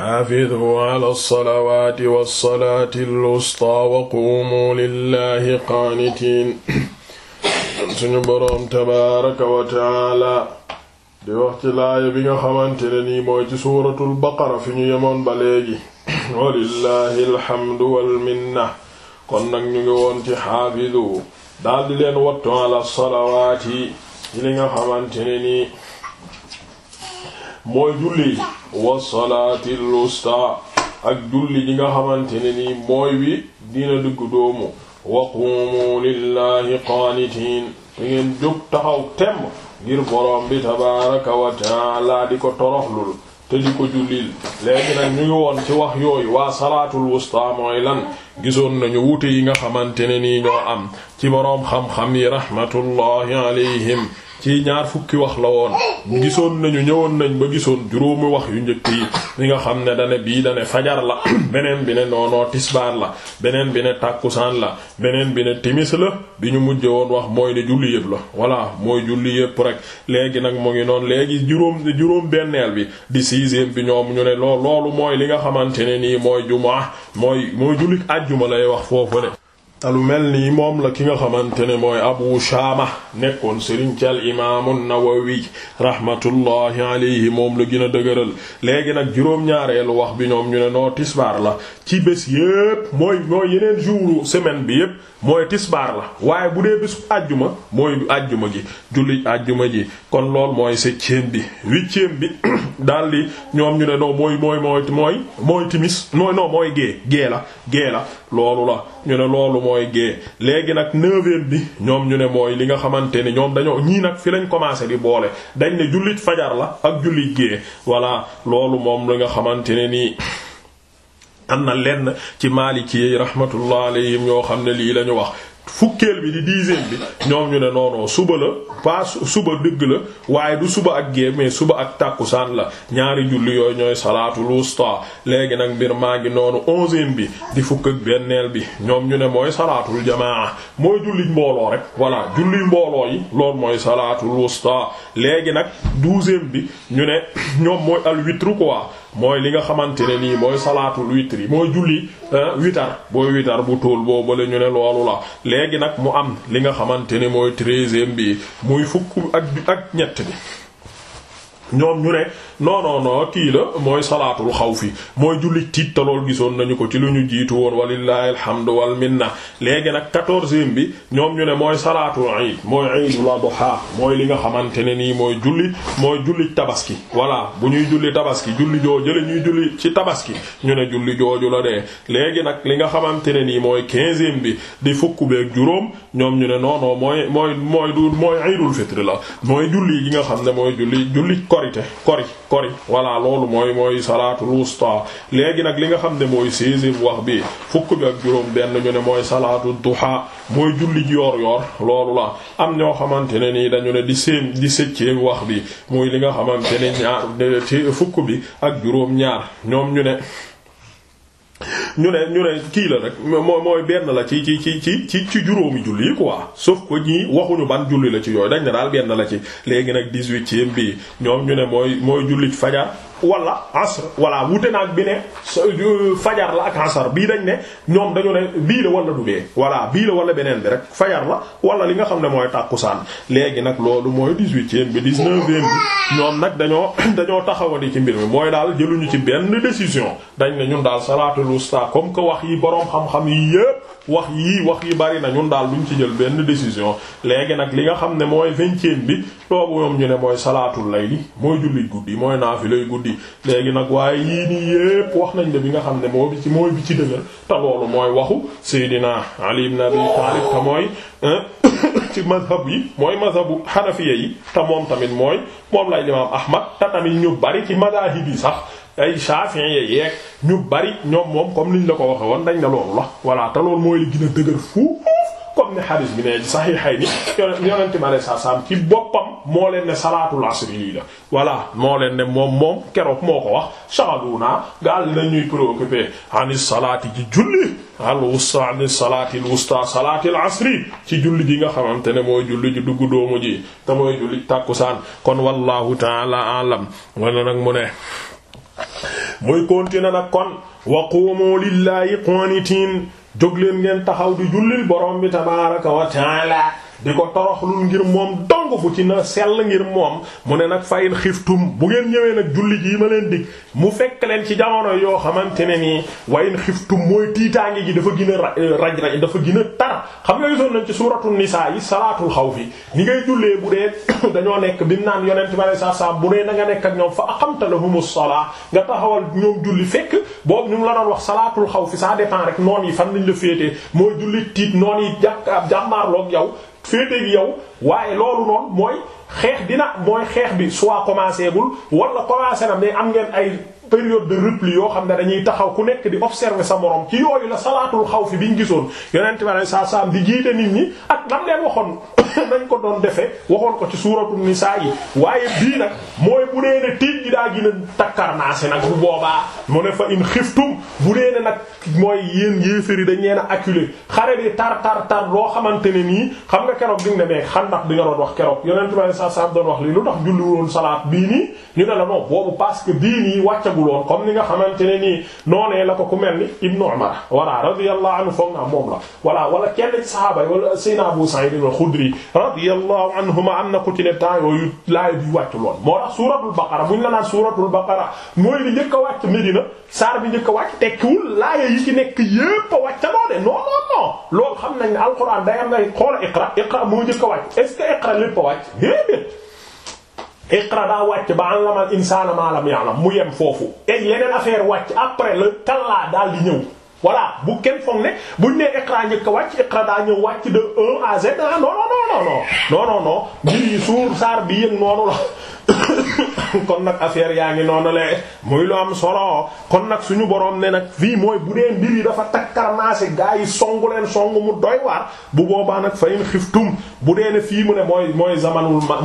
xaafidu ala salawaati wa salaati al-wusta wa quumu lillahi qaanitiin suñu boroom tabaaraka wa taala di wax ci laaya bi nga xamante ne nii mooy ci suuratul baqara fi ñu yemoon ba léegi walillahi alhamdu walminna kon nag ñu ngi woon ci xaafidu daal di leen wattu ala salawaati yi li nga xamante ne nii mooy julli wa salaatil wusta ak julli ji nga xamante ne nii mooy wi dina dugg doomu wa qumu lillahi qaanitiin da ngeen jóg taxaw temm ngir borom bi tabaraka wa taala di ko toroxlul te di ko jullil léegi nag ñu ngi woon ci wax yooyu waa salaatul wusta mooy lan gisoon nañu wuute yi nga xamante ne nii ñoo am ci boroom xam-xam yi rahmatullahi alayhim ci ñaar fukki wax la woon gisoon nañu ñëwoon nañ ba gisoon juróomi wax yu njëkk yi li nga xam ne dane bii dane fajar la beneen bi ne noonoo tisbaar la beneen bi ne tàkkusaan la beneen bi ne timis la bi ñu mujj woon wax mooy ne julli yëpp la voilà mooy julli yëpp rek léegi nag mu ngi noonu léegi juróom juróom benneel bi di sixième bi ñoom ñu ne lool loolu mooy li nga xamante ne nii mooy jumaa mooy mooy jullik àjjuma lay wax foofu ne te lu mel nii moom la ki nga xamante ne mooy abu shaama nekkoon sëriñ ci al imaamu nawawi rahmatullahi alayhi moom la gën a dëgëral léegi nag juróom-ñaareelu wax bi ñoom ñu ne noo tisbaar la ci bés yépp mooy mooy yeneen jouru semaine bi yépp mooy tisbaar la waaye bu dee bésu àjjuma mooy àjjuma gi julli àjjuma ji kon lool mooy septième bi huitième bi daal ñoom ñu ne non mooy mooy mooy mooy mooy timis non non mooy gée gée la gée la loolu la ñu ne loolu mooy gée léegi nag neuf bi ñoom ñu ne mooy li nga xamante ne ñoom dañoo ñii nag fi lañ commencé di boole dañ ne jullit fajar la ak jullit gée voilà loolu moom li nga xamante ne nii. am na lenn ci Maliki yi rahmatullah alayhim yoo xam ne lii lañu wax fukkeel bi di dixième bi ñoom ñu ne noono suba la pas suba dëgg la waaye du suba ak gémme suba ak tàkkusaan la ñaari julli yooyu ñooy salaatul wusta léegi nag mbir maa ngi noonu onzième bi di fukk ak benneel bi ñoom ñu ne mooy salaatul jamaa mooy julli mbooloo rek voilà julli mbooloo yi loolu mooy salaatul wusta léegi nag douzième bi ñu ne ñoom mooy al witru quoi mooy li nga xamante ne nii mooy salaatul witri mooy julli witar booy witar bu tóol boobu la ñu ne loolu la léegi nag mu am li nga xamante ne mooy treizième bi muy fukk ak ak ñett bi ñoom ñu ne non noo non kii la mooy salaatul xawfi mooy jullit tiit te lool gisoon nañu ko ci lu ñu jiitu woon walillahi alhamdu wal minna léegi nag quatorzième bi ñoom ñu ne mooy salaatul iid mooy iidul adha mooy li nga xamante ne nii mooy julli mooy julli tabaski voilà bu ñuy julli tabaski julli joo jële ñuy julli ci tabaski ñu ne julli jooju la dee léegi nag li nga xamante ne nii mooy quinzième bi di fukk beeg juróom ñoom ñu ne non mooy mooy mooy du mooy yi nga xam ne korite voilà loolu mooy mooy salaatul wusta léegi nag li nga xam ne mooy seizième wax bi fukk bi ak juróom benn ñu ne mooy salaatu duha mooy julli yoor yor loolu la am ñoo xamante ne nii dañu ne di séem di septième wax bi muy li nga xamante ne ñaar ci fukk bi ak juróom ñaar ñoom ñu ne ñu ne ñu ne kii la rek moo mooy benn la ci ci ci ci ci ci juróomi julli yi quoi sauf que ñii waxuñu ban julli la ci yooyu dañ ne daal benn la ci léegi nag dix-huitième bii ñoom ñu ne mooy mooy julli fajar wala asr wala wute naag bi ne fajar la ak asar bii dañ ne ñoom dañu ne bii la wala du bee voilà bii la wala beneen bi rek fajar la wala li nga xam ne mooy tàkkusaan léegi nag loolu mooy dix-huitième bi dix-neuvième bi ñoom nag dañoo dañoo taxawandi ci mbir mi mooy daal jëluñu ci benn décision dañ ne ñun daal salaatul wusta comme ko wax yi boroom xam-xam yi yëpp wax yi wax yi bari na ñun daal duñ ci jël benn décision léegi nag li nga xam ne mooy vingtième bi boobu moom ñu ne mooy salaatul layli mooy julli guddi mooy naafilay guddi léegi nag waaye yii nii yépp wax nañ ne bi nga xam ne moo ci mooy bi ci dëgër te loolu mooy waxu Seydina Ali ibn Abi te mooy ci mazhab yi mooy mazhabu xanafiya yi te moom tamit mooy moom lay imaam Ahmad te tamit ñu bari ci madahib yi sax ay Shafi'i ye yeeg ñu bari ñoom moom comme niñ la ko waxee woon dañ ne loolu la voilà te loolu mooy li gën dëgër fu comme ni xadis bi ne saxiixay ni boppam moo leen ne salaatul asri lii la moo leen ne moom moom keroog moo ko wax shaghaluna gaal nañuy préoccupé ani salaati ci julli al wusta ani salaati al wusta salaati al asri ci julli ji nga xamante ne mooy julli ji duggu doomu ji te mooy julli tàkkusaan kon wallahu ta'ala alam wala nag mu ne muy continuer nag kon wa qumu lillahi qanitin jóg leen ngeen taxaw di jullil borom bi tabaaraka wa taala di ko toroxlul ngir moom dong bu ci na sell ngir moom mu ne nag fayin xiftum bu ngeen ñëwee nag julli ji ma leen dig mu fekk leen ci jamono yoo xamante ne nii wayin xiftum mooy tiitaange gi dafa gën a euh, raj dafa gën a xam nga gisoon nañ ci suratul nisaa yi salaatul xaw fi ni ngay jullee bu dee dañoo nekk bi naan yonent bi saa saa bu dee na nga nekk ak ñoom fa aqamta lahumus salaa nga taxawal ñoom julli fekk boobu ñu la wax salaatul xaw fi ça dépend rek yi fan lañ la féetee mooy julli tiit noon yi jàkk ab yow féeteeg yow waaye loolu noonu mooy xeex dina mooy xeex bi soit commencé gul wala commencé na mais am ngeen ay. période de repli yoo xam ne dañuy taxaw ku nekk di observer sa morom ci yooyu la salaatul xawfi bi ñu gisoon yonent ma ne saa saam di jiite nit ñi ak nam leen waxoon nañ ko doon defee waxoon ko ci suuratu nisaa yi waaye bii nag mooy bu dee ne gi daa gën a takkarnaase nag bu boobaa mu ne fa in xiftum bu dee ne nag mooy yéen yéeféri dañ leen a acculé xare bi tar tar tar loo xamante ne nii xam nga keroog diñ ne meeg xandax bi nga doon wax keroog yonent ma ne saa saam doon wax lii lu tax julli woon salaat bii nii ñu ne la non boobu yàgguloon comme ni nga xamante ne nii noonee la ko ku mel ni Ibnu Umar wala radiyallahu anhu foog naa moom la wala wala kenn ci sahaaba yi wala Seydina Abu Sa'id al-Khudri radiyallahu anhuma am na ku ci ne temps yooyu laay bi wàcculoon moo tax suuratul baqara buñ la a a wàcc a wàcc xam nañ ne alxuraan day am ngay xoola iqra iqra moo njëkk a wàcc est-ce que iqra lépp a wàcc iqra daa wàcc ba allama al insaana maa lam ya'lam mu yem foofu et yeneen affaire wàcc après le kallaa daal di ñëw voilà bu kenn foog ne buñ nee iqra njëkk a wàcc iqra daa ñëw wàcc de 1 à z ah non non non non non non non mbir yi suur saar bi yëg noonu la kon nag affaire yaa ngi noonu le muy lu am solo kon nag suñu borom ne nag fii mooy bu dee mbir yi dafa takkarnaase gaa yi songu leen songu mu doy waar bu boobaa nag fa fayin xiftum bu dee ne fii mu ne mooy mooy zamanul fa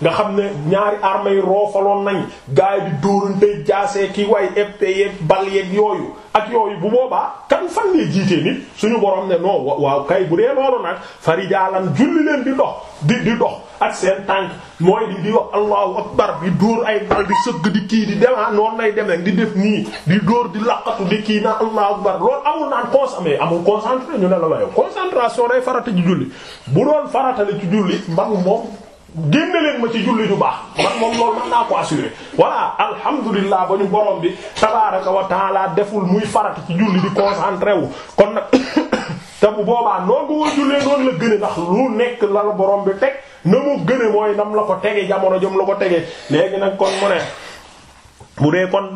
nga xam ne ñaari armée yi roofaloon nañ gaa yi di dóorante jaasee ki way épée yeeg bal yeeg yooyu ak yooyu bu boobaa kan fan lay jiitee nit suñu borom ne noo waaw kay bu dee loolu nag fari farijaalan julli leen di dox di di dox ak seen tànk mooy di di wax allahu akbar di dóor ay bal di sëgg di kii di dem ah, noonu nay dem rek di def nii di dóor di laqatu di kii na allahu akbar loolu amul naan consommé amul concentré ñu ne la waaye concentration day farata ci julli bu doon farata la ci julli mbag moom génne leen ma ci julli ju baax man moom loolu mën naa ko assurer voilà alhamdulilah ba ñu borom bi tabaaraka wa taala deful muy farata ci julli di concentré wu kon nag te bu boobaa noonu ko jullee noonu la gëne ndax lu nekk la la borom bi teg na mu gëne mooy nam la ko tege jamono jëm la ko tege léegi nag kon mu ne bu dee kon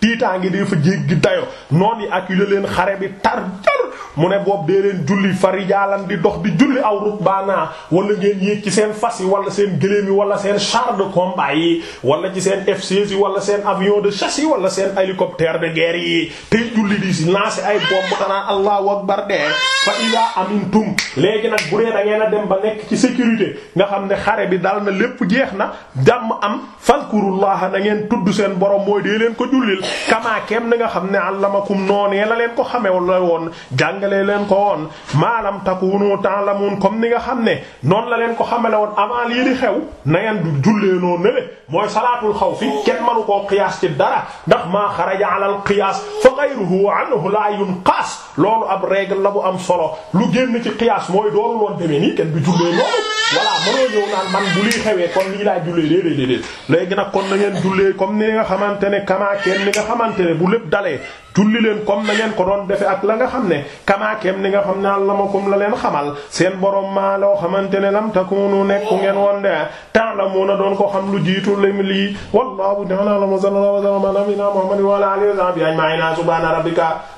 tiitaa ngi di fa jéggi dayo noon yi acculé leen xare bi tar tar mu ne boob dee leen julli farijaalan di dox di julli aw rukbaana wala ngeen yéeg ci seen fas yi wala seen gëléem yi wala seen char de combat yi wala ci seen F-16 yi wala seen avion de chasse yi wala seen hélicoptère de guerre yi tey julli di si lancer ay bomb xanaa allahu akbar de fa idaa amintum léegi nag bu dee da ngeen a dem ba nekk ci sécurité nga xam ne xare bi dal na lépp jeex na jàmm am fadkurullaha na ngeen tudd seen borom mooy leen ko jullil kamaa kem na nga xam ne allamakum noonee la leen ko xamee wala woon jàng jàngalee leen ko woon maalam takunu ta'lamun comme ni nga xam ne noonu la leen ko xamale woon avant lii di xew na ngeen du jullee noo nele mooy salaatul xawfi kenn manu koo qiyaas ci dara ndax maa xaraja ala al qiyaas fa ghayruhu anhu la yunqaas loolu ab règle la bu am solo lu génn ci qiyaas mooy doolu loon demee nii kenn du jullee loolu voilà mënoo ñëw naan man bu liy xewee kon lii laa jullee déedéet déedéet léegi nag kon na ngeen jullee comme ni nga xamante ne kamaakeem ni nga xamante ne bu lépp dalee julli leen comme na ngeen ko doon defe ak la nga xam ne kamaakeem ni nga xam ne allamakum la leen xamal seen borom maa loo xamante ne lam takunu nekku ngeen woon de ta'lamuna doon ko xam lu jiitu lim lii wallahu ta'ala wa sallallahu wa sallama ala nabiyyina muhammadin wa ala